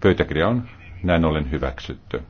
Pöytäkirja on näin ollen hyväksytty.